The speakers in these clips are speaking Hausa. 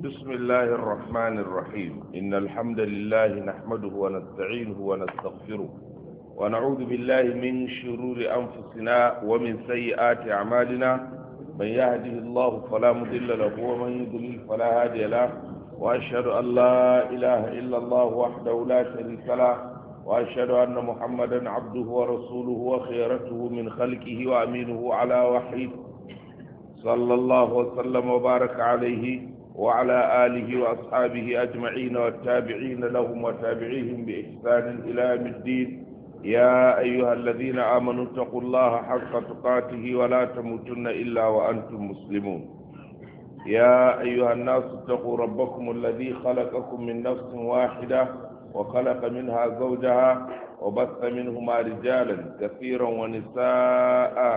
بسم الله الرحمن الرحيم إن الحمد لله نحمده ونستعينه ونستغفره ونعوذ بالله من شرور أنفسنا ومن سيئات أعمالنا من يهده الله فلا مضل له ومن يضلل فلا هادي له وأشهد أن لا إله إلا الله وحده لا شريك له وأشهد أن محمدا عبده ورسوله وخيرته من خلقه وأمينه على وحيه صلى الله وسلم وبارك عليه وعلى آله وأصحابه أجمعين والتابعين لهم وتابعيهم بإحسان إلى يوم الدين يا أيها الذين آمنوا اتقوا الله حق تقاته ولا تموتن إلا وأنتم مسلمون يا أيها الناس اتقوا ربكم الذي خلقكم من نفس واحدة وخلق منها زوجها وبث منهما رجالا كثيرا ونساء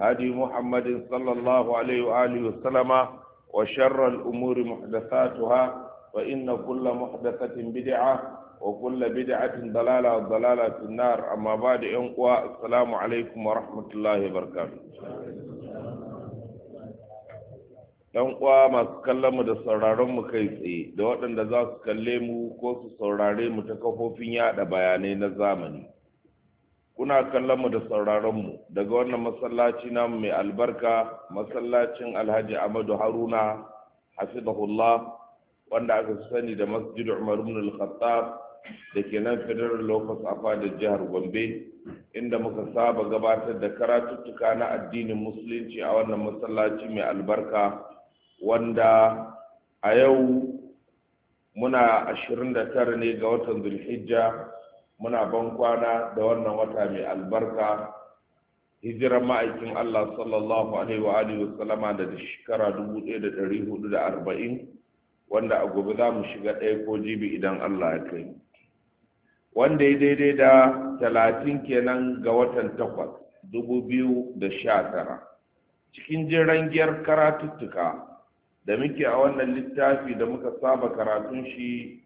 هدي محمد صلى الله عليه وآله وسلم وشر الأمور محدثاتها وإن كل محدثة بدعة وكل بدعة ضلالة وضلالة في النار أما بعد أنقوى السلام عليكم ورحمة الله وبركاته ɗan kwa masu kallon mu da sauraron mu kai tsaye da waɗanda za su kalle mu ko su saurare mu ta kafofin yada bayanai na zamani kuna kallon mu da sauraron mu daga wannan masallaci na mai albarka masallacin Alhaji Ahmadu Haruna hafizahullah wanda aka sani da Masjid Umar ibn al-Khattab da ke nan Federal Locus a da jihar Gombe inda muka saba gabatar da karatuttuka na addinin musulunci a wannan masallaci mai albarka wanda a yau muna 29 ne ga watan Zulhijja muna ban kwana da wannan wata mai albarka hijirar ma'aikin Allah sallallahu alaihi wa alihi wa sallama da shekara 1440 wanda a gobe za mu shiga ɗaya ko jibi idan Allah ya kai wanda ya daidai da talatin kenan ga watan da sha tara. cikin jiran jirangiyar karatuttuka da muke a wannan littafi da muka saba karatun shi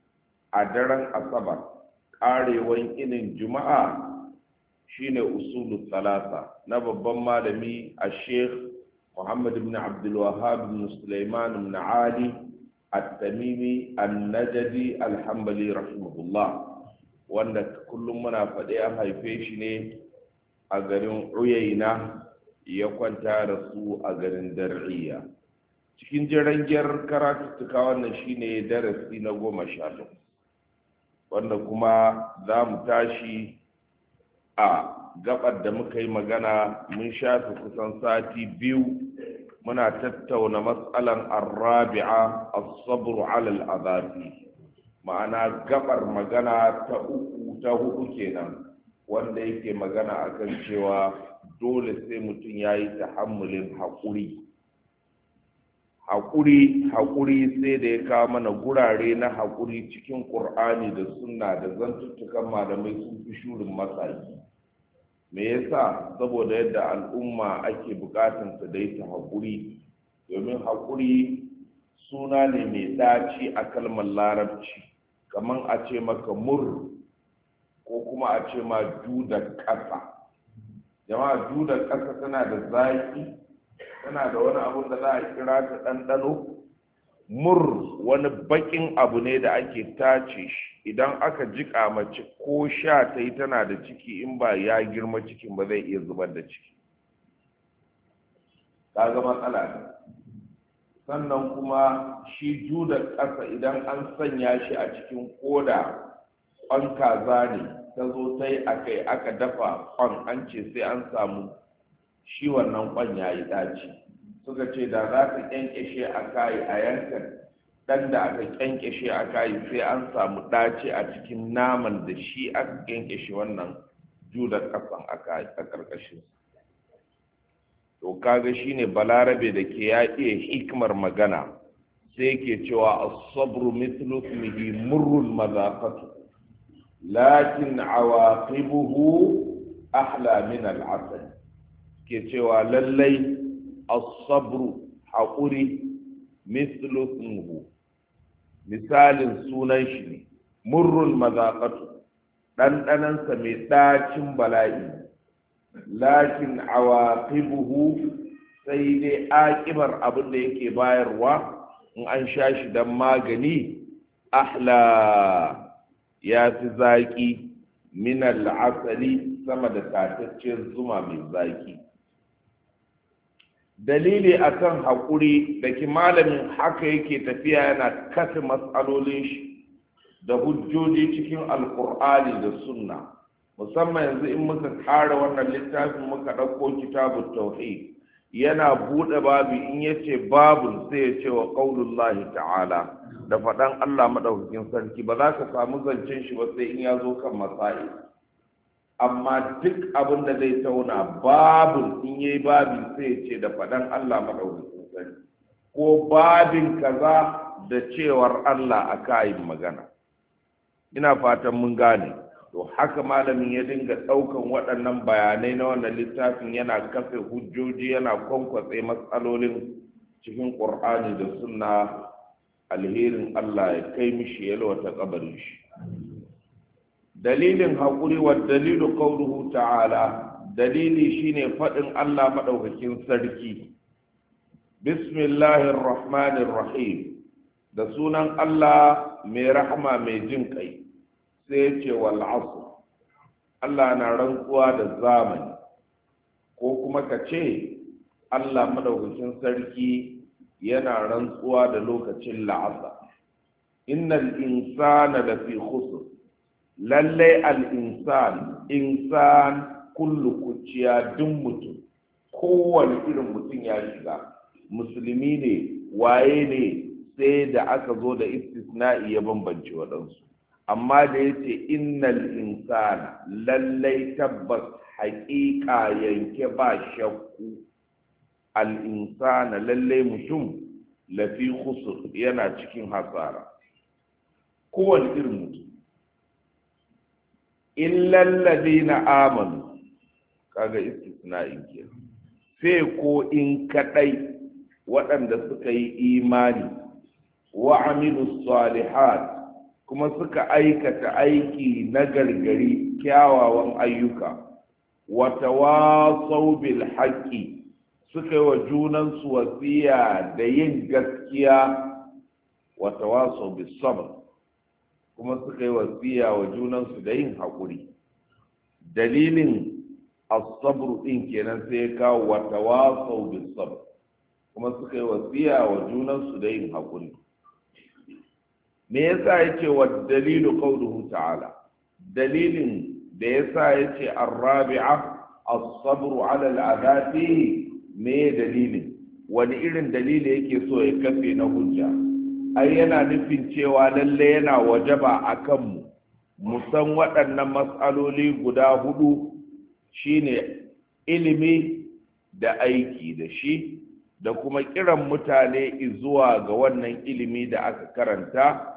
a daren asabar karewan inin juma'a shine usulu talata na babban malami a sheikh muhammad ibn abdulwahab ibn sulaiman ibn ali at-tamimi an-najdi al-hanbali rahimahullah wanda kullum muna faɗi an haife shi ne a garin uyaina ya kwanta da su a garin dar'iya cikin jirangiyar karatuttuka wannan shine darasi na goma sha wanda kuma za mu tashi a gabar da muka yi magana mun shafi kusan sati biyu muna tattauna matsalan arrabi'a as-sabru 'ala azabi ma'ana gabar magana ta uku ta hudu kenan wanda yake magana akan cewa dole sai mutum yayi tahammulin haƙuri haƙuri haƙuri sai da ya kawo mana gurare na haƙuri cikin ƙur'ani da sunna da zantuttukan malamai sun fi shurin matsayi me yasa saboda yadda al'umma ake bukatan su dai ta haƙuri domin haƙuri suna ne mai ɗaci a kalmar larabci kamar a ce maka mur ko kuma a ce ma juda ƙasa jama'a juda ƙasa tana da zaki. yana da wani abun da za a kira ta ɗanɗano mur wani baƙin abu ne da ake tace shi idan aka jiƙa mace ko sha ta yi tana da ciki in ba ya girma cikin ba zai iya zubar da ciki ta ga matsala ne sannan kuma shi judar ƙasa idan an sanya shi a cikin koda ƙwan kaza ne ta zo ta aka yi aka dafa ƙwan an ce sai an samu shi wannan kwan ya yi ɗaci suka ce da za ka kyankyashe a kayi a yankan ɗan da aka kyankyashe a kayi sai an samu ɗaci a cikin naman da shi aka kyankyashe wannan judar ƙasan a karkashin to kaga shine balarabe da ke ya iya hikmar magana sai ke cewa asabru sabru mithlu ismihi murrul madaqatu lakin awaqibuhu ahla min al ke cewa lallai asabru haƙuri mislusunhu misalin sunan shi ne murrun mazaƙatu ɗanɗanansa mai ɗacin bala'i lakin awaqibuhu sai dai aƙibar abin da yake bayarwa in an sha shi don magani ahla ya fi zaƙi min al'asali sama da tatacciyar zuma mai zaƙi dalili akan hakuri, da ki malamin haka yake tafiya yana kasa matsalolin shi da hujjoji cikin alkur'ani da sunna musamman yanzu in muka ƙara wannan littafin muka ɗauko kitabun tauhid yana buɗe babu in ya ce babu sai ya ce wa ƙaunullahi ta'ala da faɗan allah maɗaukakin sarki ba za ka samu zancen shi ba sai in ya zo kan masai amma duk abin da zai tauna babu in yi babin sai ce da faɗan Allah madaukakin sani', ko babin kaza da cewar Allah a kayin magana ina fatan mun gane to haka malamin ya dinga ɗaukan waɗannan bayanai na wannan littafin yana kafe hujjoji yana kwankwatse matsalolin cikin ƙur'ani da sunna alherin Allah ya kai mishi yalwata ƙabarin shi dalilin haƙuri wa dalilu qawluhu ta'ala dalili shine faɗin Allah maɗaukakin sarki bismillahir rahmanir rahim da sunan Allah mai rahma mai jin kai sai ya ce wal asr Allah na rantsuwa da zamani ko kuma ka ce Allah maɗaukakin sarki yana rantsuwa da lokacin la'asa innal insana lafi khusr lallai al'insan insan kullu kuciya duk mutum kowane irin mutum ya shiga musulmi ne waye ne sai da aka zo da istisna'i ya bambance waɗansu amma da ya ce innal insana lallai tabbas haƙiƙa yanke ba shakku Al'insana, lallai mutum lafi khusur yana cikin hasara kowane irin mutum illal na amanu kaga in ke sai ko in kadai waɗanda suka yi imani wa aminu salihat kuma suka aikata aiki na gargari kyawawan ayyuka wata wasau bil haƙƙi suka yi wa junansu wasiya da yin gaskiya wata wasau bil sabr kuma suka yi wasiya wa junansu da yin haƙuri dalilin asabru ɗin kenan sai ya kawo wa tawasau bin kuma suka yi wasiya wa junansu da yin haƙuri me yasa yake wa dalilu qawluhu ta'ala dalilin da yasa yace ar-rabi'a as-sabru 'ala al-'adati me dalilin wani irin dalili yake so ya kafe na hujja ai yana nufin cewa lalle yana wajaba a kanmu mu san waɗannan matsaloli guda hudu shine ilimi da aiki da shi da kuma kiran mutane zuwa ga wannan ilimi da aka karanta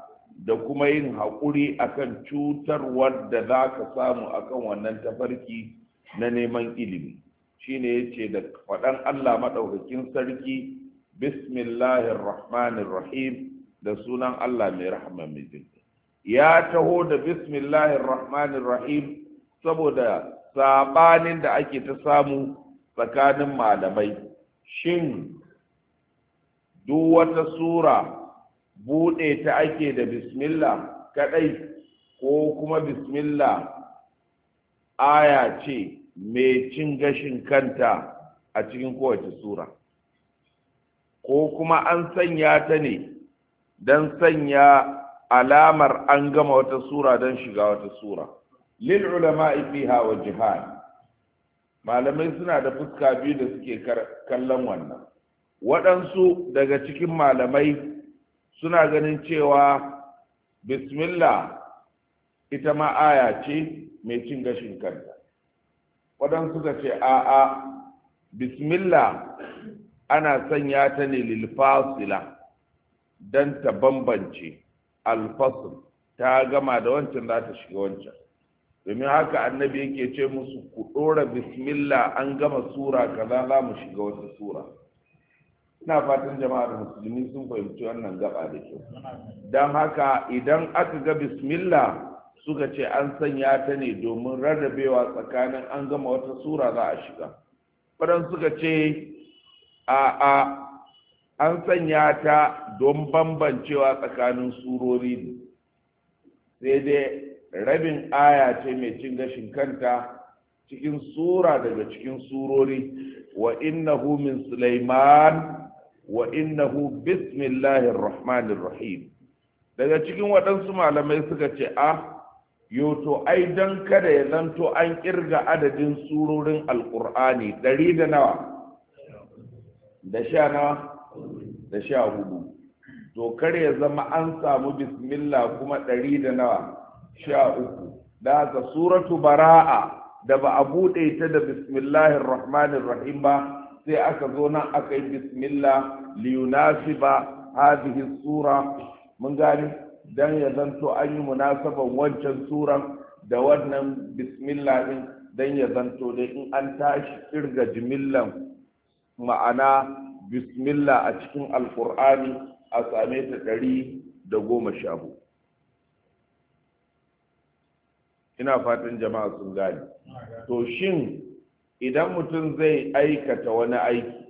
da kuma yin haƙuri akan cutarwar da za ka samu akan wannan tafarki na neman ilimi shine ya ce da faɗan allah maɗaukakin sarki bismillahirrahmanirrahim da sunan Allah mai rahama mai ya taho da bismillahir rahmanir rahim saboda sabanin da ake ta samu tsakanin malamai shin duk wata sura bude ta ake da bismillah kadai ko kuma bismillah aya ce mai cin gashin kanta a cikin kowace sura ko kuma an sanya ta ne don sanya alamar an gama wata sura don shiga wata sura lil ulama fiha wa jihad malamai suna da fuska biyu da suke kallon wannan waɗansu daga cikin malamai suna ganin cewa bismillah ita ma aya ce mai cin gashin kanta waɗansu ka ce a'a bismillah ana sanya ta ne lilfasila Dan ta bambance alfasl ta gama da wancan za ta shiga wancan domin haka annabi yake ce musu ku ɗora bismillah an gama sura kaza za mu shiga wata sura ina fatan jama'ar musulmi sun fahimci wannan gaba da kyau don haka idan aka ga bismillah suka ce an sanya ta ne domin rarrabewa tsakanin an gama wata sura za a shiga fadan suka ce a a an sanya ta don bambancewa tsakanin surori ne sai dai rabin aya ce mai cin gashin kanta cikin sura daga cikin surori wa innahu min sulaiman wa innahu bismillahir rahmanir rahim daga cikin waɗansu malamai suka ce a yoto ai don kada ya zanto an kirga adadin surorin alkur'ani ɗari da nawa da sha nawa da sha hudu to kar ya zama an samu bismillah kuma ɗari da nawa sha uku da haka suratu bara'a da ba a buɗe ta da bismillahir rahmanir rahim ba sai aka zo nan aka yi bismillah ba, hadhihi sura mun gani dan ya zanto an yi munasaban wancan suran da wannan bismillah din dan ya zanto dai in an tashi kirga jimillan ma'ana bismillah a cikin alkur'ani a same ta ɗari da goma sha ina fatan jama'a sun gane to shin idan mutum zai aikata wani aiki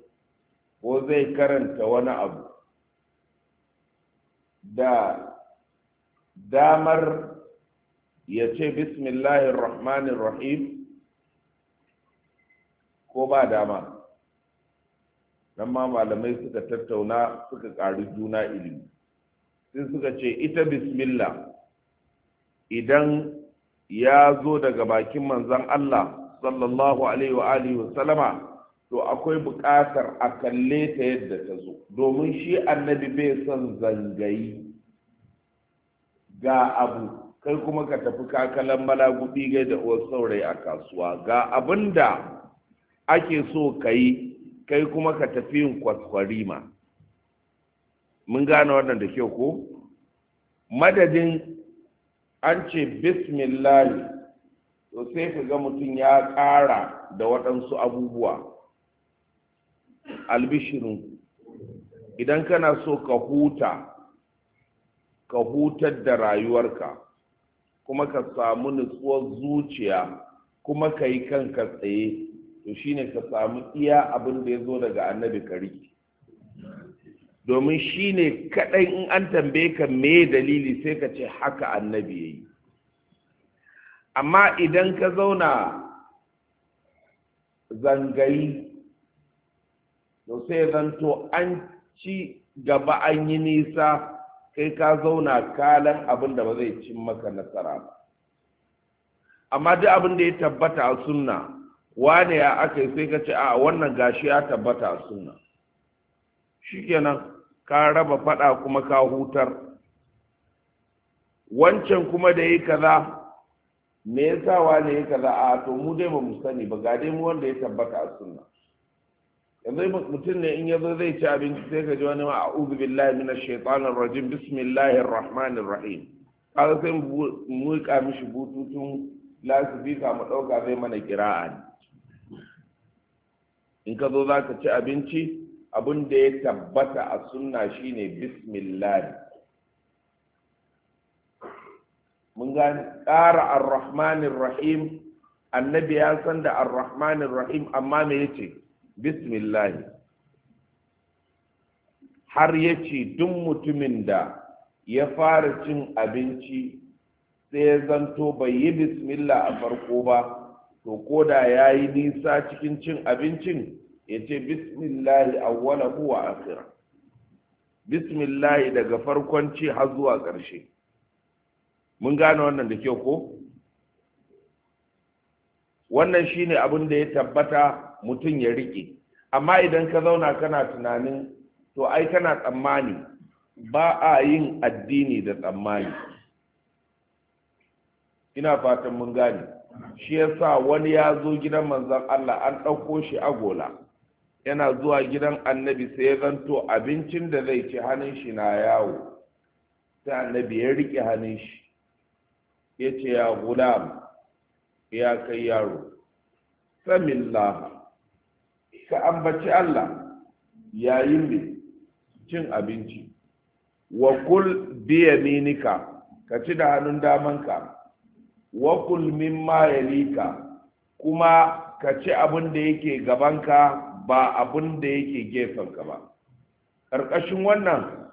ko zai karanta wani abu da damar ya ce bismillahir ko ba dama nan ma malamai suka tattauna suka ƙari juna ilimi sai suka ce ita bismillah idan ya zo daga bakin manzan Allah sallallahu alaihi wa alihi wa sallama to akwai buƙatar a kalle ta yadda ta zo domin shi annabi bai son zangayi ga abu kai kuma ka tafi kakalan malagubi gai da uwar saurayi a kasuwa ga abin da ake so ka yi kai kuma ka tafi yin kwaskwarima mun gane wannan da kyau ko madadin an ce bismillahi to sai ka ga mutum ya ƙara da waɗansu abubuwa albishirin idan kana so ka huta ka hutar da rayuwarka kuma ka samu nutsuwar zuciya kuma ka yi kanka tsaye to shine ka samu iya abin da ya zo daga annabi kari domin shine kadai in an tambaye ka me dalili sai ka ce haka annabi ya yi. amma idan ka zauna zangayi to sai zanto an ci gaba an yi nisa kai ka zauna kalan abin da ba zai cin maka nasara ba amma duk abin da ya tabbata a sunna wane ya aka yi sai ka ce a wannan gashi ya tabbata a suna. shikenan ka raba fada kuma ka hutar wancan kuma da yi kaza me yasa wane yi kaza a to mu dai ba mu sani ba ga dai mu wanda ya tabbata a suna. yanzu mutum ne in yazo zai ci abinci sai ka ji wani ma a'udhu billahi minash shaitanir rajim bismillahir rahmanir rahim kaga sai mu ka mishi bututun lasifika mu dauka zai mana kira'a ne in ka zo za ka ci abinci abin da ya tabbata a sunna shine bismillah mun gane ƙara arrahmanir rahim annabi ya san da arrahmanir rahim amma me yace bismillah har yace duk mutumin da ya fara cin abinci sai ya zanto bai yi bismillah a farko ba to koda ya yi nisa cikin cin abincin yace bismillahi awwalahu wa akhira bismillahi daga farkon ci har zuwa ƙarshe mun gane wannan da kyau ko wannan shine abin da ya tabbata mutum ya rike amma idan ka zauna kana tunanin to ai kana tsammani ba a yin addini da tsammani ina fatan mun gane shi yasa wani ya zo gidan manzon Allah an ɗauko shi agola yana zuwa gidan annabi sai ya zanto abincin da zai ci hannun shi na yawo sai annabi ya riƙe hannun shi ya ce ya gulam ya kai yaro samillah ka ambaci Allah yayin da cin abinci wa kul minika ka ci da hannun damanka wa kul mimma yalika kuma ka ci abin da yake gabanka ba abin da yake gefenka ba ƙarƙashin wannan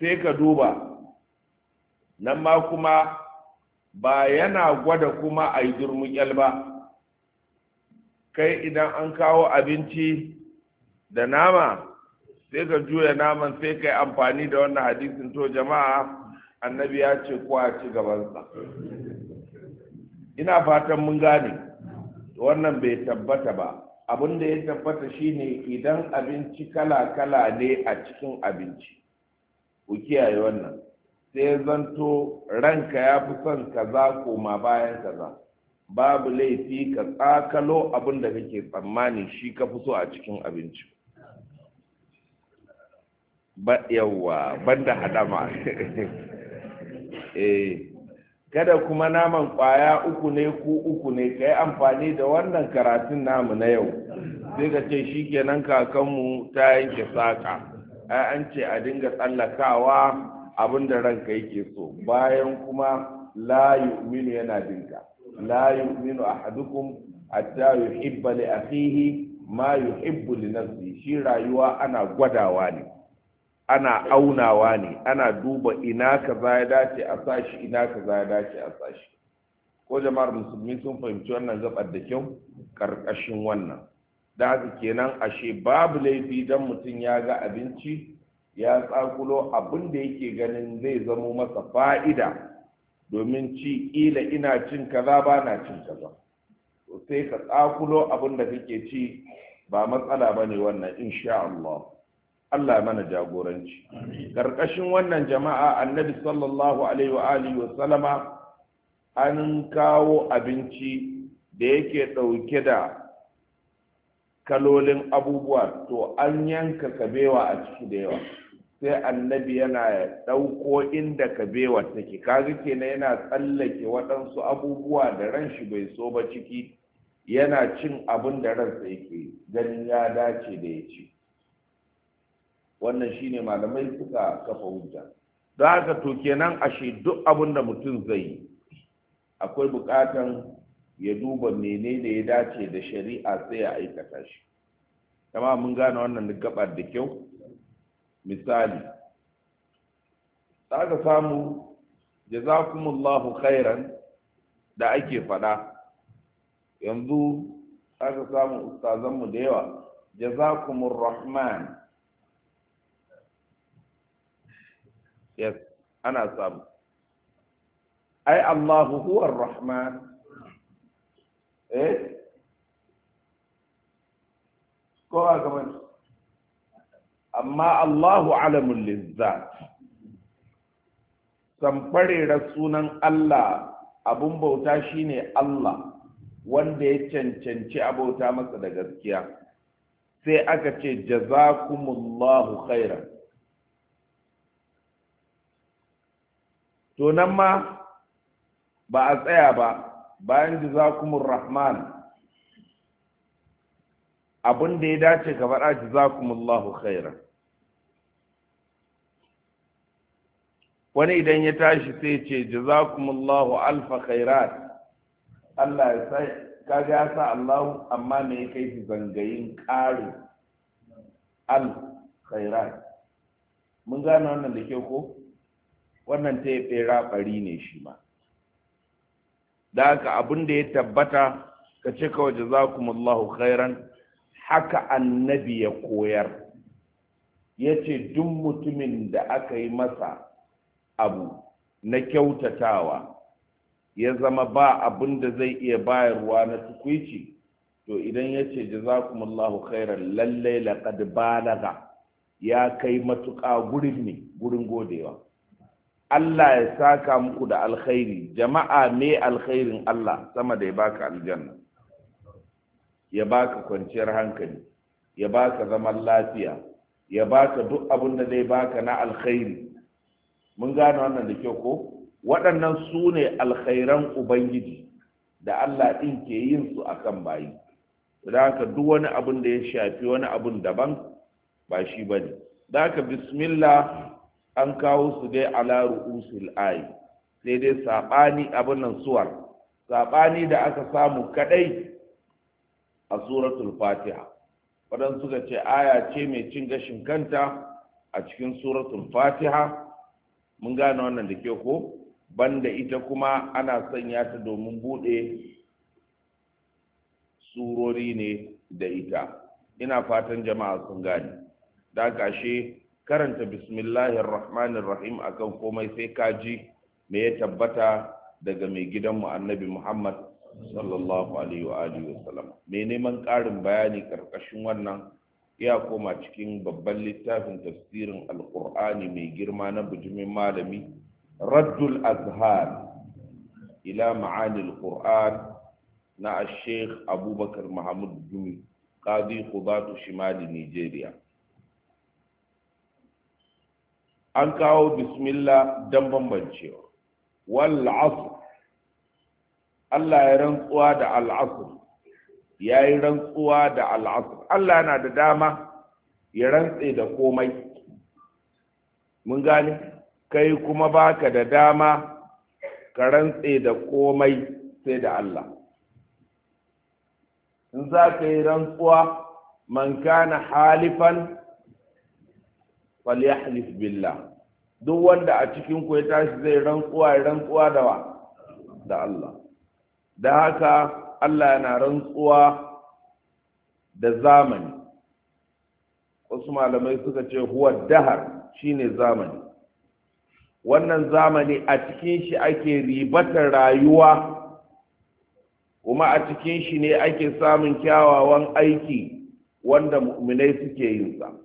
sai ka duba nan ma kuma ba yana gwada kuma a yi durmuƙyal ba kai idan an kawo abinci da nama sai ka juya naman sai ka amfani da wannan hadisin to jama'a annabi ya ce a ci gabansa ina fatan mun gane wannan bai tabbata ba abin da ya tabbata shine idan abinci kala-kala ne a cikin abinci ku kiyaye wannan sai zanto ranka ya fi son kaza koma bayan kaza babu laifi ka tsakalo abin da kake tsammani shi ka fi so a cikin abinci ba yawwa banda hadama eh kada kuma naman kwaya uku ne ko uku ne ka yi amfani da wannan karatun namu na yau sai ka ce shi kenan kakanmu ta yanke saƙa an ce a dinga tsallakawa abin da ranka yake so bayan kuma la yu'minu yana dinka la yu'minu ahadukum hatta yuhibba li akhihi ma yuhibbu li shi rayuwa ana gwadawa ne ana aunawa ne ana duba ina kaza ya dace a sashi ina za ya dace a sashi ko jama'ar musulmi sun fahimci wannan gabar da kyau karkashin wannan da haka kenan ashe babu laifi don mutum ya ga abinci ya tsakulo abin da yake ganin zai zamo masa fa'ida domin ci ƙila ina cin kaza ba na cin kaza sai ka tsakulo abin da kake ci ba matsala ba ne wannan insha Allah Allah mana jagoranci ƙarƙashin wannan jama'a annabi sallallahu alaihi wa wa salama, an kawo abinci da yake ɗauke da kalolin abubuwa to an yanka kabewa a ciki da yawa sai annabi yana ɗauko inda kabewa take kaga kenan yana tsallake waɗansu abubuwa da ran shi bai so ba ciki yana cin abin da ransa yake ganin ya dace da ya ci wannan shi ne malamai suka kafa hujja don haka to kenan ashe duk abin da mutum zai yi akwai bukatan ya duba mene menene ya dace da shari'a sai ya aikata shi kama mun gane wannan gabar da kyau misali za ka samu jazakumullahu khairan da ake faɗa yanzu za ka samu ustazanmu da yawa jazakumur rahman yes ana samu ai Allahu huwa rahman eh ko a gaban amma Allahu alamul lizzat da sunan Allah abun bauta shine Allah wanda ya cancanci abauta masa da gaskiya sai aka ce jazakumullahu khairan to nan ma ba a tsaya ba bayan jazakumur rahman abin da ya dace ka faɗa Allahu khairan wani idan ya tashi sai ce jazakumullahu alfa khairat Allah ya sai kaga ya sa Allah amma me ya kai zangayin ƙari al khairat mun gane wannan da ke ko wannan ta bera bari ne shi ma da haka abin da ya tabbata ka ce kawai Allahu khairan haka annabi ya koyar ya ce duk mutumin da aka yi masa abu na kyautatawa ya zama ba abin da zai iya bayarwa na tukwici to idan ya ce jazakumullahu khairan lallai laqad balaga ya kai matuƙa gurin ne gurin godewa Allah ya saka muku da alkhairi jama'a me alkhairin Allah sama da ya baka aljanna ya baka kwanciyar hankali ya baka zaman lafiya ya baka duk abin da zai baka na alkhairi mun gane wannan da kyau ko waɗannan su ne alkhairan ubangiji da Allah ɗin ke yin su akan bayi da haka duk wani abin da ya shafi wani abin daban ba shi bane da haka bismillah an kawo su dai ala ru'usul ayi sai dai sabani abin nan suwar sabani da aka samu kadai a suratul fatiha wadan suka ce aya ce mai cin gashin kanta a cikin suratul fatiha mun gane wannan da ke ko banda ita kuma ana sanya ta domin bude surori ne da ita ina fatan jama'a sun gane da kashe karanta bismillahir rahmanir rahim akan komai sai ka ji me ya tabbata daga mai gidanmu annabi muhammad sallallahu alaihi wa alihi wasallam me neman ƙarin bayani karkashin wannan ya koma cikin babban littafin tafsirin alqur'ani mai girma na bujumin malami raddul azhar ila ma'ani alqur'an na ash-sheikh abubakar mahmud dumi qadi khudatu shimali nigeria an kawo bismillah don bambancewa wal asr Allah ya rantsuwa da al asr ya yi rantsuwa da al asr Allah na da dama ya rantse da komai mun gane kai kuma baka da dama ka rantse da komai sai da Allah in za ka yi rantsuwa man kana halifan falyahlif billah duk wanda a cikin ku ya tashi zai rantsuwa ya rantsuwa da wa da Allah da haka Allah yana rantsuwa da zamani wasu malamai suka ce huwa dahar shine zamani wannan zamani a cikin shi ake ribata rayuwa kuma a cikin shi ne ake samun kyawawan aiki wanda mu'minai suke yin sa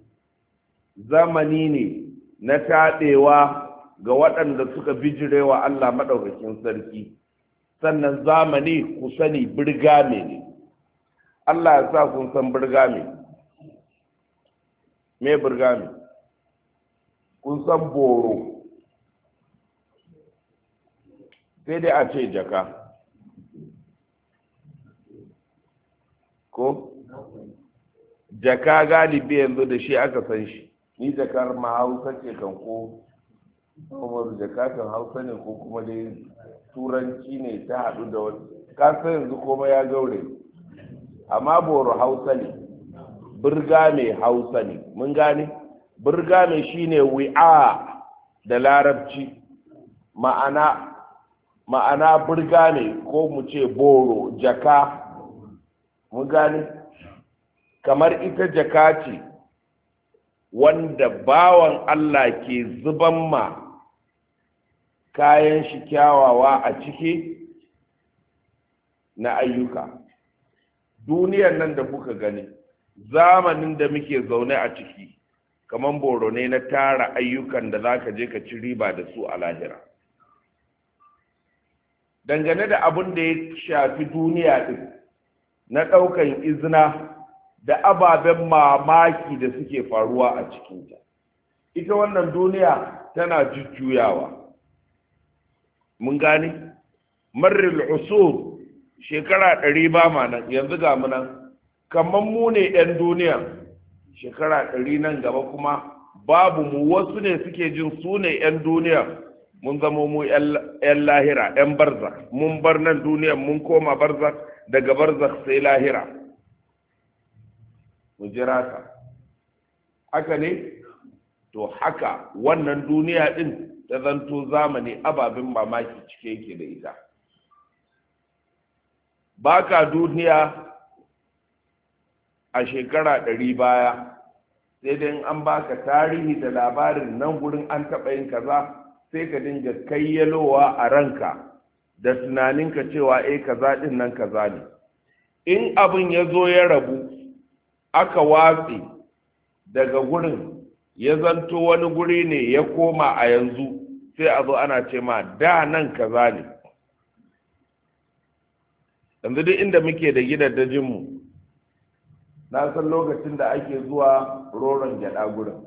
zamani ne na taɗewa ga waɗanda suka bijirewa Allah maɗaukakin sarki sannan zamani ku sani birgame ne Allah ya sa kun san birgame me birgame kun san boro sai dai a ce jaka ko jaka galibi yanzu da shi aka san shi ni jakar ma hausa ce kan ko umar jakatan hausa ne ko kuma dai turanci ne ta haɗu da wani kasa yanzu koma ya gaure amma boro hausa ne birga mai hausa ne mun gane birga mai shine wi'a da larabci ma'ana ma'ana birga ne ko mu ce boro jaka mun gane kamar ita jaka ce wanda bawan Allah ke zuban ma kayan shi kyawawa a ciki na ayyuka duniyar nan da kuka gani zamanin da muke zaune a ciki kamar boro na tara ayyukan da za ka je ka ci riba da su a lahira dangane da abin da ya shafi duniya din, na ɗaukan izina da ababen mamaki da suke faruwa a cikinta ita wannan duniya tana jujjuyawa mun gane marril usur shekara ɗari ba ma nan yanzu ga mu nan kamar mu ne 'yan duniya shekara ɗari nan gaba kuma babu mu wasu ne suke jin su ne 'yan duniya mun zamo mu 'yan lahira 'yan barzak mun bar nan duniya mun koma barzak daga barzak sai lahira mu jira ka haka ne to haka wannan duniya din ta zanto zamani ababin mamaki cike yake da ita baka duniya a shekara ɗari baya sai dai an baka tarihi da labarin nan gurin an taɓa yin kaza sai ka dinga kayyalowa a ranka da tunaninka cewa eh kaza ɗin nan kaza ne in abin ya zo ya rabu aka watsi daga gurin ya zanto wani guri ne ya koma a yanzu sai a zo ana ce ma da nan kaza ne yanzu duk inda muke da gidajenmu na san lokacin da ake zuwa roron gyada gurin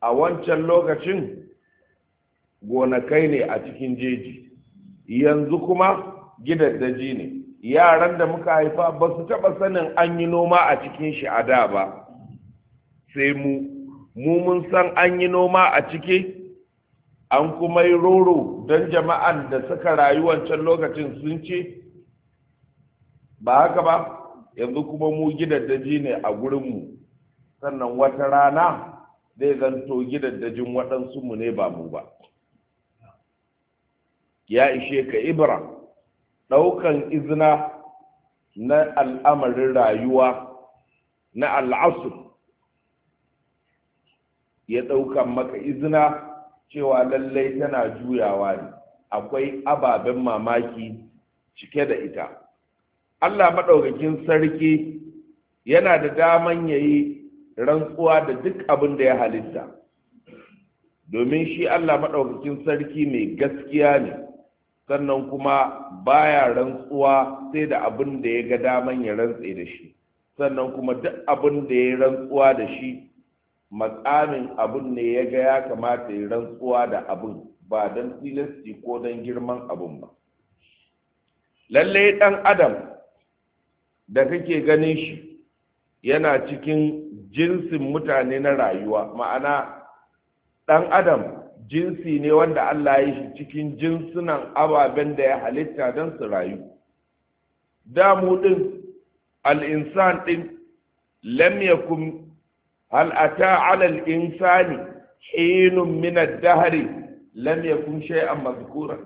a wancan lokacin gonakai ne a cikin jeji yanzu kuma gidaddaji ne yaran da muka haifa ba su taɓa sanin an yi noma a cikin shi a da ba sai mu mu mun san an yi noma a ciki an kuma yi roro don jama'an da suka rayu wancan lokacin sun ce ba haka ba yanzu kuma mu gidaddaji ne a gurinmu sannan wata rana zai zanto gidaddajin waɗansu mu ne ba mu ba ya ishe ka ibra ɗaukan izina na al'amarin rayuwa na al'asur ya ɗaukan maka izina cewa lallai tana juyawa ne akwai ababen mamaki cike da ita allah maɗaukakin sarki yana da daman ya yi rantsuwa da duk abin da ya halitta domin shi allah maɗaukakin sarki mai gaskiya ne sannan kuma baya rantsuwa sai da abin da ya ga daman ya rantse da shi sannan kuma duk abin da ya rantsuwa da shi matsamin abin ne ya ga ya kamata ya rantsuwa da abin ba don tilasti ko don girman abin ba lallai ɗan adam da kake ganin shi yana cikin jinsin mutane na rayuwa ma'ana ɗan adam jinsi ne wanda Allah ya shi cikin jinsunan ababen da ya halitta don su rayu damu din al'insan din lam yakun hal ata ala al'insani hinun min ad-dahri lam yakun shay'an mazkura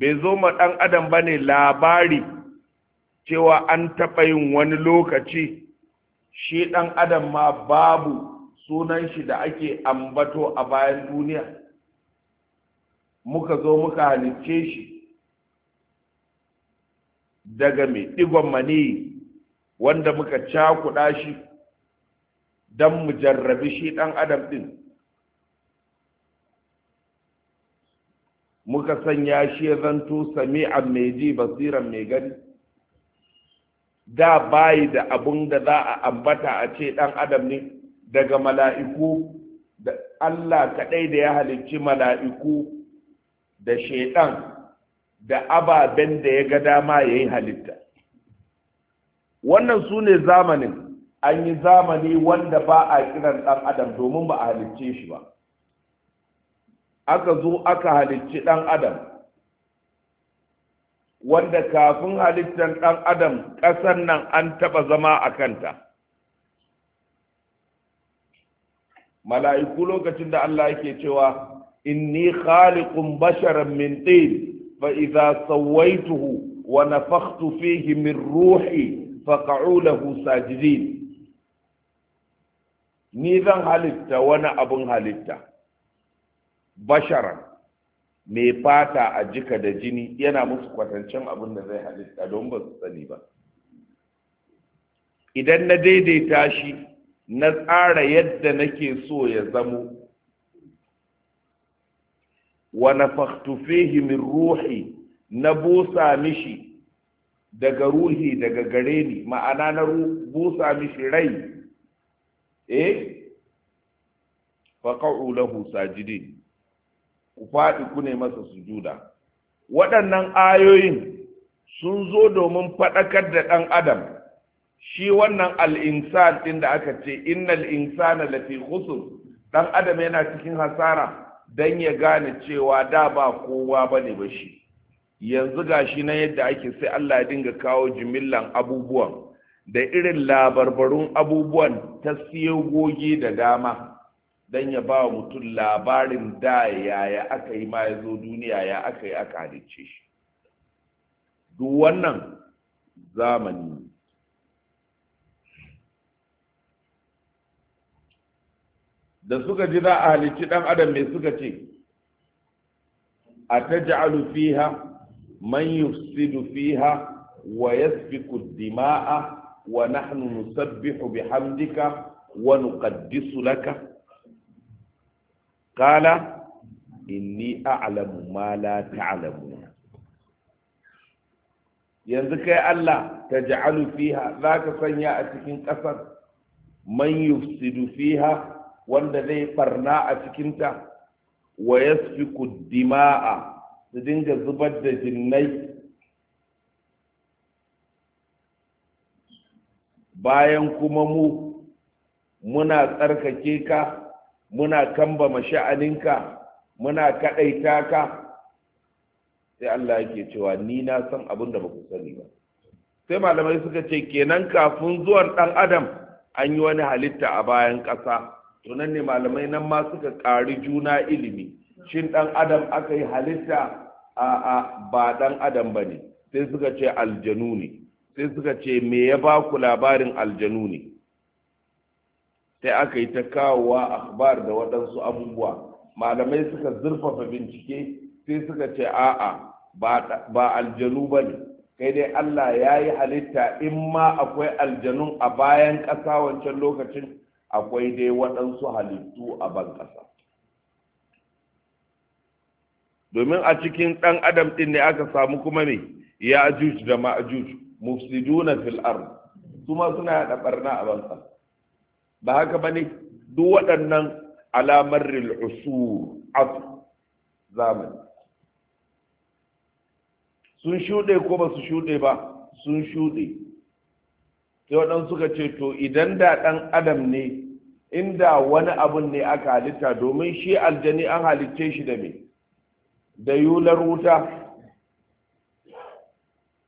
bai zo ma dan adam bane labari cewa an taɓa yin wani lokaci shi dan adam ma babu sunan shi da ake ambato a bayan duniya muka zo muka halicce shi daga mai digon mani wanda muka cakuɗa shi don mu jarrabi shi ɗan adam ɗin muka sanya shi ya zanto sami'an mai ji basiran mai gani da bayi da abun da za a ambata a ce ɗan adam ne daga mala'iku da Allah kaɗai da ya halicci mala'iku da shaiɗan da ababen da ya ga dama ya yi halitta wannan su ne zamanin an yi zamani wanda ba a kiran ɗan adam domin ba a halicce shi ba aka zo aka halicci ɗan adam wanda kafin halittar ɗan adam ƙasar nan an taɓa zama a kanta mala'iku lokacin da Allah yake cewa inni khaliqun basharan min tin fa idza sawaituhu wa nafakhtu fihi min ruhi faq'u lahu sajidin ni zan halitta wani abun halitta basharan mai fata a jika da jini yana musu kwatancin abin da zai halitta don ba su sani ba idan na daidaita shi na tsara yadda nake so ya zamo wa nafakhtu fihi min ruhi na busa mishi daga ruhi daga gare ni ma'ana na busa mishi rai eh faqa'u lahu sajidin ku faɗi ku ne masa sujuda waɗannan ayoyin sun zo domin faɗakar da ɗan adam shi wannan al'insan ɗin da aka ce innal insana lafi khusur dan adam yana cikin hasara dan ya gane cewa da ba kowa bane ba shi yanzu gashi na yadda ake sai Allah ya dinga kawo jimillan abubuwan da irin labarbarun abubuwan ta goge da dama dan ya ba mutum labarin da yaya aka yi ma ya zo duniya ya aka yi aka halicce shi duk wannan zamani da suka ji za a halicci ɗan adam mai suka ce a ta ja'alu fiha man yufsidu fiha wa yasfiku dima'a wa nahnu nusabbihu bihamdika wa nuqaddisu laka qala inni a'lamu ma la ta'lamun yanzu kai Allah ta ja'alu fiha zaka sanya a cikin kasar man yufsidu fiha wanda zai farna a cikinta wa yasfiku dima'a su dinga zubar da jinnai bayan kuma mu muna tsarkake ka muna kambama sha'aninka muna kaɗaita ka sai Allah yake cewa ni na san abin da ba ku sani ba sai malamai suka ce kenan kafin zuwan ɗan adam an yi wani halitta a bayan ƙasa to ne malamai nan ma suka ƙari juna ilimi shin ɗan adam aka yi halitta a a ba dan adam ba ne sai suka ce aljanu ne sai suka ce me ya ba ku labarin aljanu ne sai aka yi ta kawowa akhbar da waɗansu abubuwa malamai suka zurfafa bincike sai suka ce a'a ba aljanu ba ne kai dai allah ya yi halitta in ma akwai aljanun a bayan ƙasa wancan lokacin akwai dai waɗansu halittu a ban domin a cikin ɗan adam ɗin ne aka samu kuma ne ya ajuj da ma'ajuj mufsiduna fil ard kuma suna yada barna a bansa ba haka ba ne duk waɗannan alamar usur a zamani sun shuɗe ko ba su shuɗe ba sun shuɗe waɗansu suka ce to idan da ɗan adam ne inda wani abun ne aka halitta domin shi aljani an halicce shi da me da yular wuta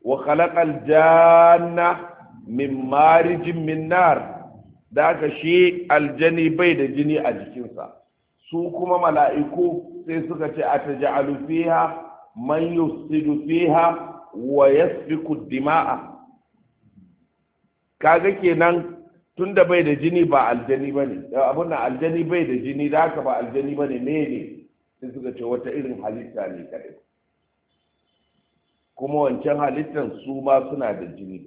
wa khalaqal janna min marijin min nar da aka shi aljani bai da jini a jikinsa su kuma mala'iku sai suka ce a ta fiha man yusidu fiha wa yasfiku dima'a kaga kenan tunda da bai da jini ba aljani ba ne nan aljani bai da jini da haka ba aljani ba ne ne sai suka ce wata irin halitta ne kaɗai kuma wancan halittan su ma suna da jini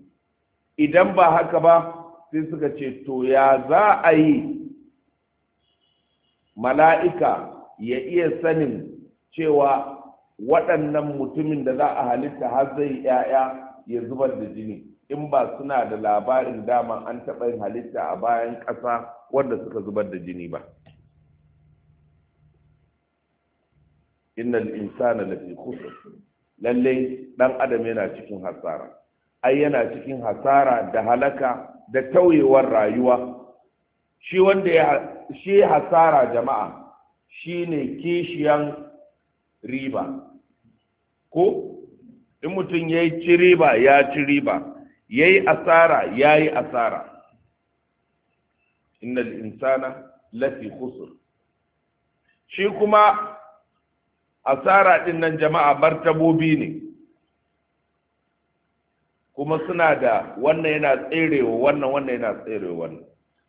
idan ba haka ba sai suka ce to ya za a yi mala'ika ya iya sanin cewa waɗannan mutumin da za a halitta har zai 'ya'ya ya zubar da jini in ba suna da labarin dama an taɓa yin halitta a bayan ƙasa wanda suka zubar da jini ba innal insana lafi khusr Lallai ɗan adam yana cikin hasara ai yana cikin hasara da halaka da tauyewar rayuwa shi wanda ya shi hasara jama'a shine kishiyan riba ko in mutum ya ci riba ya ci riba yayi asara yayi asara innal insana lafi khusr shi kuma asara din nan jama'a martabobi ne kuma suna da wannan yana tserewa wannan wannan yana tserewa wannan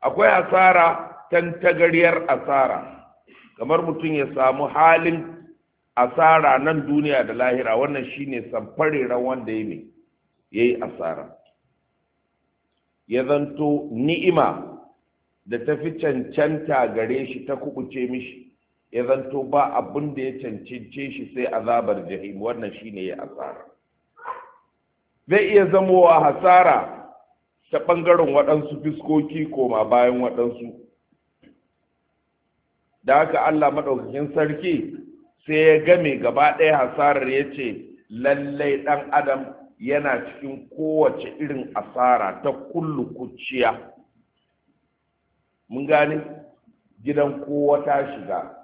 akwai asara tantagariyar asara kamar mutum ya samu halin asara nan duniya da lahira wannan shine samfarerar wanda ya yi asara ya zanto ni'ima da ta fi cancanta gare shi ta kubuce mishi ya zanto ba abin da ya cancance shi sai azabar jahim wannan shine ya asara zai iya zamowa hasara ta ɓangaren waɗansu fiskoki koma bayan waɗansu da haka allah maɗaukakin sarki sai ya game gaba ɗaya hasarar ya ce lallai ɗan adam yana cikin kowace irin asara ta kullu kuciya mun gane gidan kowa ta shiga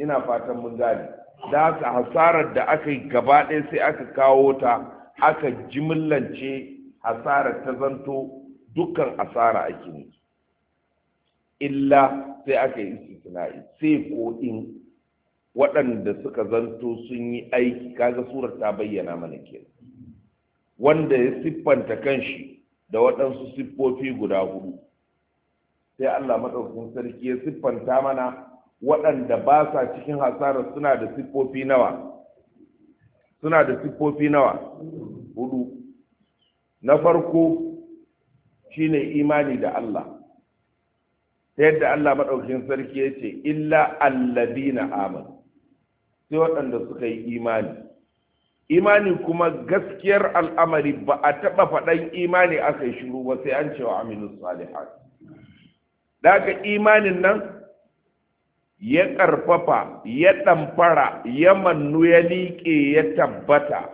ina fatan mun gane da haka hasarar da aka yi gaba ɗaya sai aka kawo ta aka jimillance hasarar ta zanto dukkan asara ake ne illa sai aka yi istisna'i sai ko in waɗanda suka zanto sun yi aiki kaga surar ta bayyana mana kenan wanda ya siffanta kanshi da waɗansu siffofi guda hudu sai Allah maɗaukakin sarki ya siffanta mana waɗanda ba sa cikin hasara suna da siffofi nawa suna da siffofi nawa hudu na farko shine imani da Allah ta yadda Allah maɗaukakin sarki ya ce illa allazina amin sai waɗanda suka yi imani imani kuma gaskiyar al'amari ba a taɓa faɗan imani aka yi shiru ba sai an cewa aminu salihat daga imanin nan ya ƙarfafa ya ɗamfara ya mannu ya liƙe ya tabbata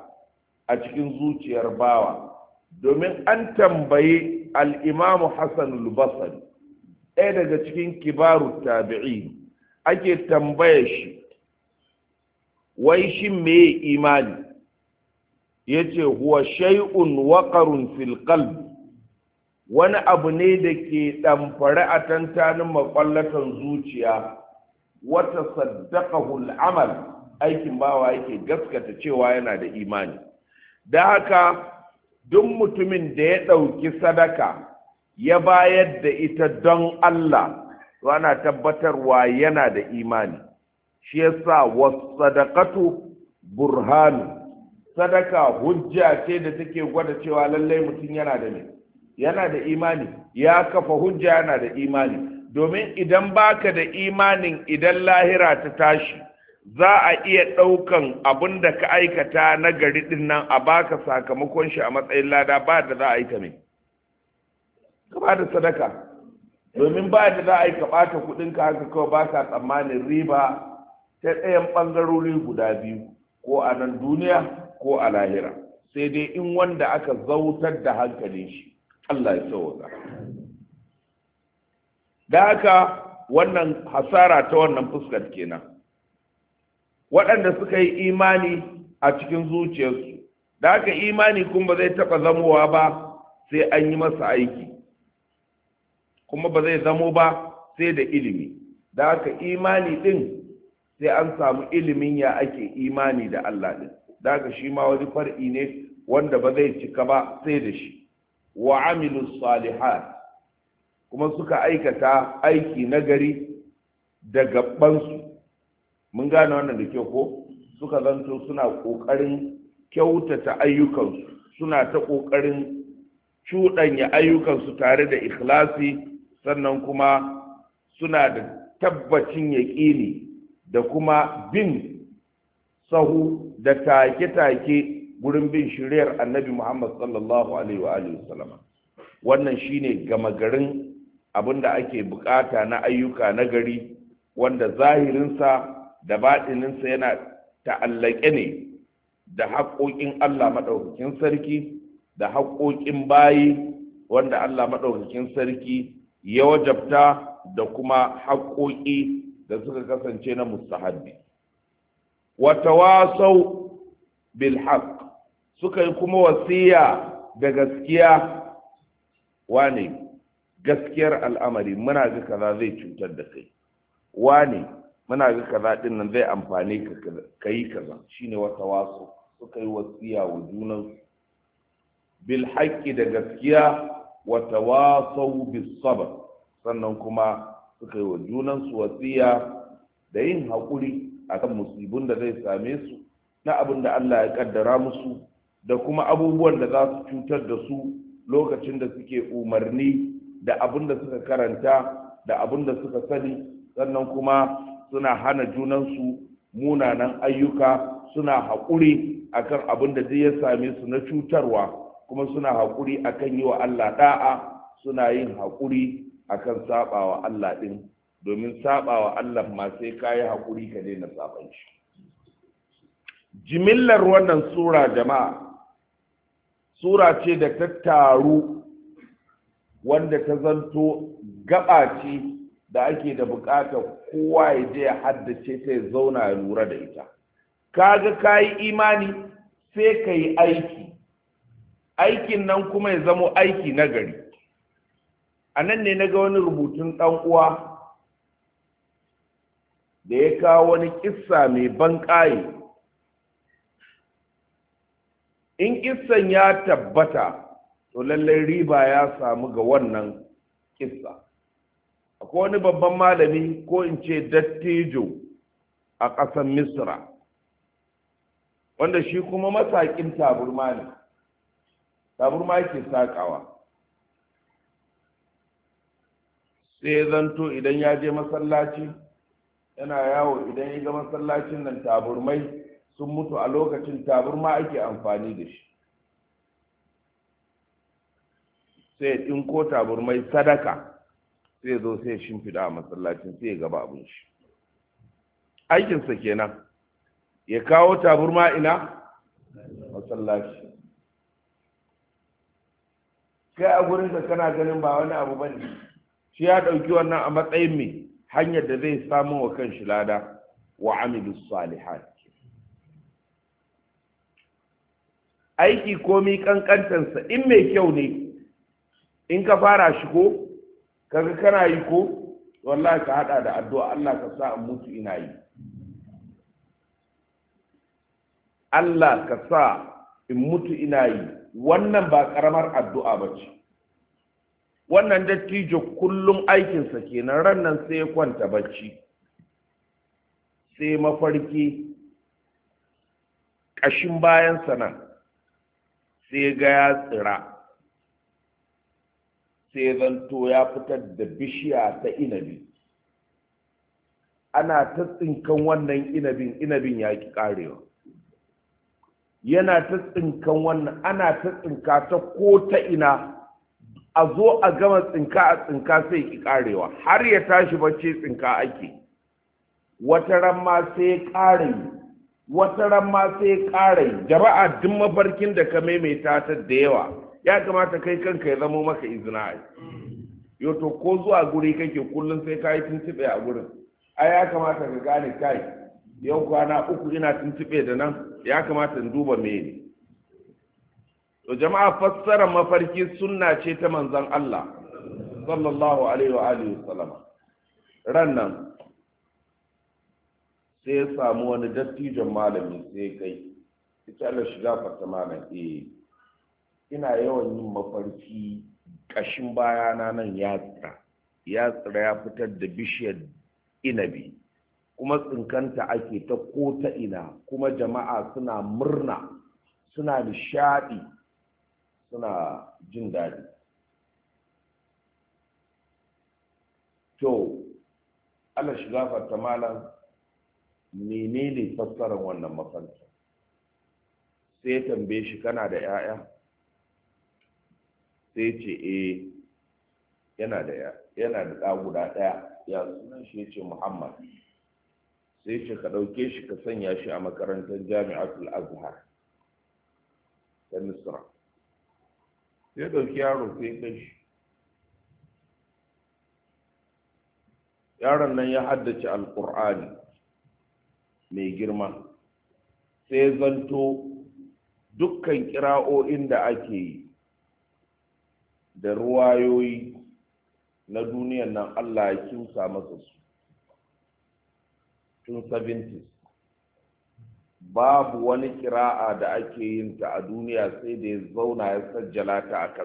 a cikin zuciyar bawa domin an tambayi al'imamu hassan basri ɗaya daga cikin kibaru tabi'i ake tambaya shi wai shi me imani yace huwa shay'un waqarun fil qalb wani abu ne da ke ɗamfare a tantanin makwallatan zuciya wata saddaka amal aikin bawa yake gaskata cewa yana da imani da haka duk mutumin da ya ɗauki sadaka ya bayar da ita don Allah ana tabbatarwa yana da imani shi yasa wasu sadakatu burhanu sadaka hujja ce da take gwada cewa lallai mutum yana da ne yana da imani ya kafa hujja yana da imani domin idan baka da imanin idan lahira ta tashi za a iya ɗaukan abin da ka aikata na gari ɗin nan a baka sakamakon shi a matsayin lada ba da za a yi ta me ka ba da sadaka domin ba da za a yi ka ɓata kuɗinka haka kawai ba ka tsammanin riba ta ɗayan ɓangarori guda biyu ko a nan duniya ko a lahira sai dai in wanda aka zautar da hankalin shi Allah ya sauka da haka wannan hasara ta wannan fuskar kenan waɗanda suka yi imani a cikin zuciyarsu da haka imani kuma ba zai taɓa zamowa ba sai an yi masa aiki kuma ba zai zamo ba sai da ilimi da haka imani ɗin sai an samu ilimin ya ake imani da Allah ɗin daga shi ma wani far'i ne wanda ba zai cika ba sai da shi wa amilu salihat kuma suka aikata aiki nagari da gabansu mun gane wannan da kyau ko suka zanto suna ƙoƙarin kyautata ayyukansu suna ta ƙoƙarin cuɗanya ayyukansu tare da ikhlasi sannan kuma suna da tabbacin yaƙini da kuma bin sahu da take-take gurin bin shiriyar annabi Muhammad sallallahu alaihi wa alihi wannan shine gama garin abinda ake bukata na ayyuka na gari wanda zahirinsa da baɗininsa yana ta'allake ne da haƙoƙin Allah maɗaukakin sarki da haƙoƙin bayi wanda Allah maɗaukakin sarki ya wajabta da kuma haƙoƙi da suka kasance na mustahabbi wa tawasau bil haq suka yi kuma wasiya da gaskiya wane gaskiyar al'amari muna ga kaza zai cutar da kai wane muna ga kaza din nan zai amfani ka kai kaza shine wata wasu suka yi wasiya wa junan bil haqqi da gaskiya wa tawasau bis sabr sannan kuma suka yi wa junan su wasiya da yin hakuri akan musibin da zai same su na abin da Allah ya kaddara musu da kuma abubuwan da za su cutar da su lokacin da suke umarni da abin da suka karanta da abin da suka sani sannan kuma suna hana junansu munanan ayyuka suna haƙuri akan abin da zai ya same su na cutarwa kuma suna haƙuri akan yi wa Allah da'a suna yin haƙuri akan saɓawa Allah ɗin domin wa Allah ma sai ka yi haƙuri ka daina saban shi jimillar wannan sura jama'a sura ce da tattaru wanda ta zanto gaba ce da ake da buƙatar kowa ya je ya haddace ta ya zauna ya lura da ita kaga ka yi imani sai ka yi aiki aikin nan kuma ya zamo aiki na gari a nan ne na ga wani rubutun ɗan uwa da ya kawo wani kissa mai banƙaye in kissan ya tabbata to lallai riba ya samu ga wannan kissa akwai wani babban malami ko in ce dattijo a ƙasar misra wanda shi kuma masakin taburma ne taburma yake sakawa sai zanto idan ya je masallaci yana yawo idan ya ga masallacin nan taburmai sun mutu a lokacin taburma ake amfani da shi sai ɗinko taburmai sadaka sai zo sai shimfiɗa a masallacin sai ya gaba abin shi aikinsa kenan ya kawo taburma ina masallaci kai a gurin da kana ganin ba wani abu bane shi ya ɗauki wannan a matsayin mai hanyar da zai samu wa kan shi lada wa amilu salihat aiki komi kankantansa in mai kyau ne in ka fara shi ko kaga kana yi ko wallahi ka hada da addu'a Allah ka sa mutu ina yi Allah ka sa in mutu ina yi wannan ba karamar addu'a ba ce wannan dattijo kullum aikinsa kenan rannan sai ya kwanta bacci sai mafarki ƙashin bayan sana sai ga ya tsira sai zanto ya fitar da bishiya ta inabi ana ta tsinkan wannan inabin inabin ya ki karewa yana ta tsinkan wannan ana ta tsinka ta ko ta ina a zo a gama tsinka a tsinka sai ki karewa har ya tashi bacci tsinka ake wata ran ma sai ya kare wata ran ma sai ya kare jama'a duk mafarkin da ka maimaita ta da yawa ya kamata kai kanka ya zamo maka izina yo to ko zuwa guri kake kullum sai ka yi tuntuɓe a gurin ai ya kamata ka gane kai yau kwana uku ina tuntube da nan ya kamata in duba me ne to jama'a fassara mafarki sunna ce ta manzon Allah sallallahu alaihi wa alihi wasallama ran nan sai ya samu wani dattijon malami sai kai ita Allah shiga fata malam eh ina yawan yin mafarki kashin na nan ya tsira ya tsira ya fitar da bishiyar inabi kuma tsinkanta ake ta ko ta ina kuma jama'a suna murna suna nishaɗi suna jin daɗi to Allah shigafa ta malam menene fassarar wannan mafarki sai tambaye shi kana da 'ya'ya sai ce eh yana da yana da ɗa guda ɗaya ya sunan shi ya ce muhammad sai ce ka ɗauke shi ka sanya shi a makarantar jami'atul azhar ta misra ya ɗauki yaro sai kai shi yaron nan ya haddace alƙur'ani mai girma sai zanto dukkan kira'o'in da ake yi da ruwayoyi na duniyan nan allah ya kinsa masa su tun 70s babu wani kira'a da ake yin ta a duniya sai da ya zauna ya sajjala ta a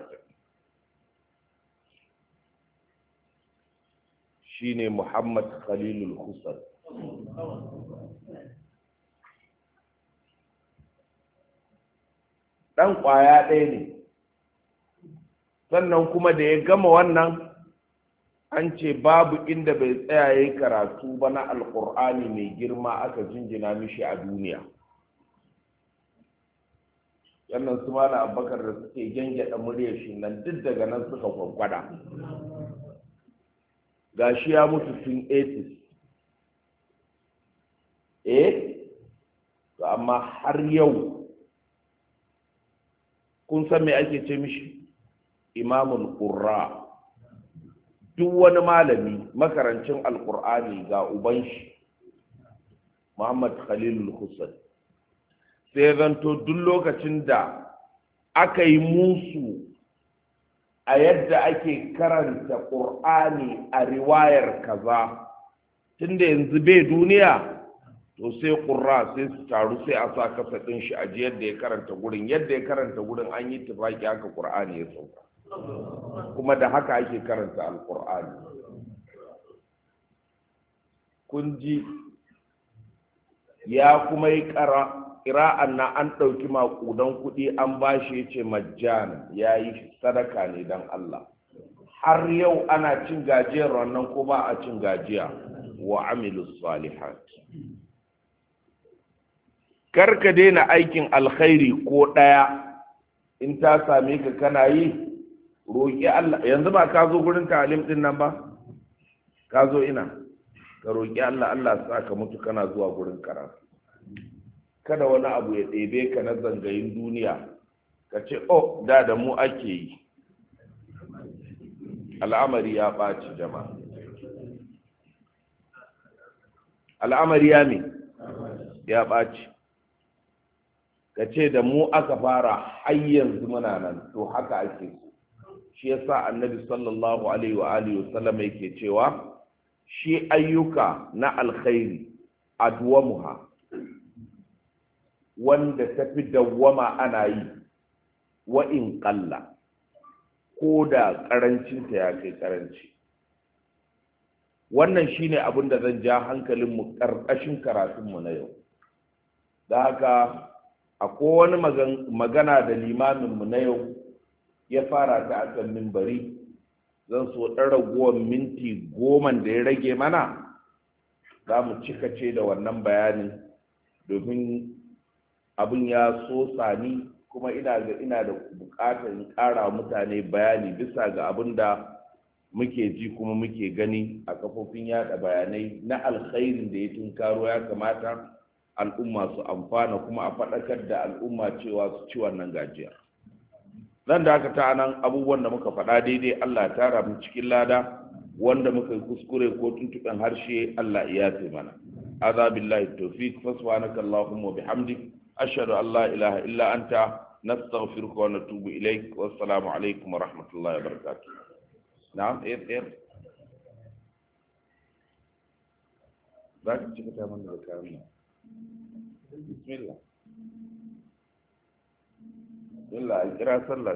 Shi ne muhammad khalilul husar ɗan ƙwaya ɗaya ne sannan kuma da ya gama wannan an ce babu inda bai tsaya ya karatu ba na Alƙur'ani mai girma aka jinjina mishi a duniya wannan su mana abakar da suke gyangyaɗa murya shi nan duk daga nan suka kwankwada. ga shi ya mutu tun 80 eh to amma har yau kun san me ake ce mishi imamul qurra duk wani malami makarancin alqur'ani ga uban shi muhammad khalilul hussein sai zanto duk lokacin da aka yi musu a yadda ake karanta ƙur'ani a riwayar kaza tunda yanzu bai duniya to sai ƙurra sai su taru sai a sa kasa ɗin shi a ji yadda ya karanta gurin yadda ya karanta gurin an yi tufaki haka ƙur'ani ya sauka kuma da haka ake karanta alƙur'ani kun ji ya kuma yi ƙara kira'an na an ɗauki maƙudan kuɗi an ba shi ya ce majjan ya yi sadaka ne don Allah har yau ana cin gajiyar wannan ko ba a cin gajiya wa amilu salihat karka daina aikin alkhairi ko ɗaya in ta same ka kana yi roƙi Allah yanzu ba ka zo gurin talim ɗin nan ba ka zo ina ka roƙi Allah Allah sa ka mutu kana zuwa gurin karatu kada wani abu ya ɗebe ka na zangayin duniya ka ce oh da da mu ake yi al'amari ya ɓaci jama'a al'amari ya me ya ɓaci ka ce da mu aka fara har yanzu muna nan to haka ake shi ya sa annabi sallallahu alaihi wa salama wasallam yake cewa shi ayyuka na alkhairi adwamuha wanda ta fi dawwama ana yi wa in kalla ko da ƙarancinta ya kai karanci, wannan shine abin da zan ja hankalin hankalinmu ƙarƙashin karatunmu na yau da haka akwai wani magana da limamin mu na yau ya fara ta a kan mimbari zan so ɗan ragowar minti goman da ya rage mana za mu cika ce da wannan bayanin domin abin ya so Sani, kuma ina ga ina da bukatar in kara mutane bayani bisa ga abin da muke ji kuma muke gani a kafofin yada bayanai na alkhairin da ya tunkaro ya kamata al'umma su amfana kuma a faɗakar da al'umma cewa su ci wannan gajiyar zan dakata nan abubuwan da muka faɗa daidai allah tara mu cikin lada wanda muka yi kuskure ko tuntuɓen harshe allah iya mana azabillahi tawfiq fa subhanakallahumma wa bihamdik ashhadu an la ilaha illa anta nastaghfiruka wa natubu ilaik wa assalamu alaikum wa rahmatullahi wa barakatuh na'am eh eh zaka cika ta mun da kawo kira sallah